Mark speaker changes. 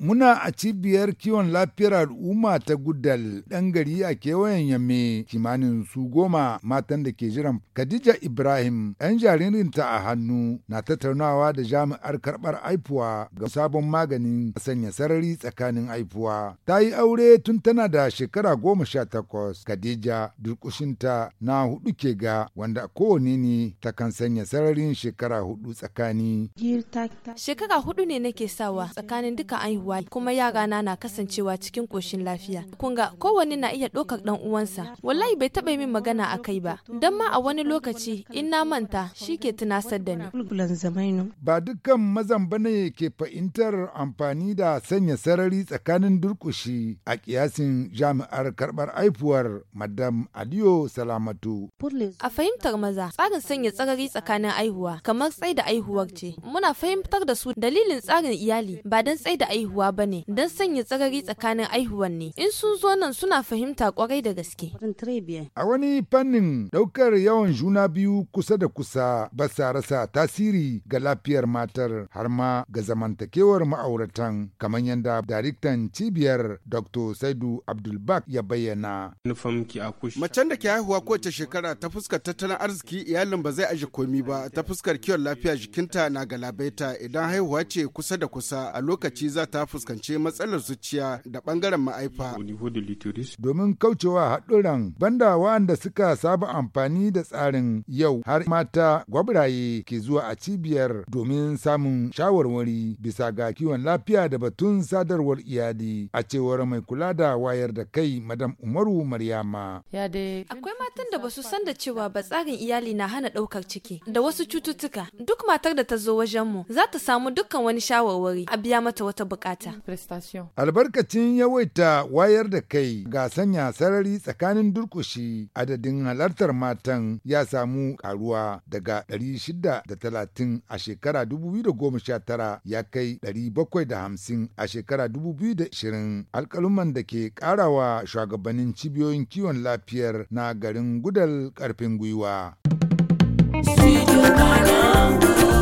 Speaker 1: Muna a cibiyar kiwon lafiyar al'umma ta Gudal ɗan gari a kewayen Yamme kimanin su goma matan da ke jiran Khadija Ibrahim ɗan jaririnta a hannu na tattaunawa da jami'ar karɓar aifuwa ga sabon maganin sanya sarari tsakanin aifuwa. Ta yi aure tun tana da shekara goma sha takwas Khadija durƙushinta na hudu ke ga wanda kowane ne ta kan sanya sararin shekara hudu tsakani.
Speaker 2: Shekara hudu ne nake sa daidaitawa tsakanin duka aihuwa kuma yara na na kasancewa cikin koshin lafiya kun ga kowanne na iya ɗaukar ɗan uwansa wallahi bai taɓa min magana a kai ba dan ma a wani lokaci in na manta shi ke tunasar da ni
Speaker 1: ba dukkan mazan bane ke fahimtar amfani da sanya sarari tsakanin durkushi a kiyasin jami'ar karɓar aifuwar madam aliyo salamatu
Speaker 2: a fahimtar maza tsarin sanya tsarari tsakanin aihuwa kamar tsai da aihuwar ce muna fahimtar da su dalilin tsarin iyali iyali ba don da aihuwa ba ne don sanya tsagari tsakanin aihuwan ne in sun zo nan suna fahimta kwarai da gaske.
Speaker 1: A wani fannin ɗaukar yawan juna biyu kusa da kusa ba sa rasa tasiri ga lafiyar matar har ma ga zamantakewar ma'auratan kamar yadda daraktan cibiyar Dr. Saidu Abdulbak ya bayyana. Macen da ke haihuwa kowace shekara ta fuskar tattalin arziki iyalin ba zai aji komi ba ta fuskar kiwon lafiya jikinta na galabaita idan haihuwa ce kusa da kusa. matasa a lokaci za ta fuskanci matsalar zuciya da bangaren ma'aifa. Domin kaucewa haɗuran banda waɗanda suka saba amfani da tsarin yau har mata gwabraye ke zuwa a cibiyar domin samun shawarwari bisa ga kiwon lafiya da batun sadarwar iyali a cewar mai kula da wayar da kai madam Umaru Maryama. Akwai
Speaker 2: matan da basu san da cewa ba tsarin iyali na hana ɗaukar ciki da wasu cututtuka duk matar da ta zo wajenmu za ta samu dukkan wani shawarwari a biya mata wata bukata.
Speaker 1: Albarkacin yawaita wayar da kai ga sanya sarari tsakanin durkushi adadin halartar matan ya samu karuwa daga 630 a shekara 2019 ya kai 750 a shekara 2020 alkaluman da ke karawa shugabannin cibiyoyin kiwon lafiyar na garin gudal karfin gwiwa.
Speaker 2: Studio Kalangu.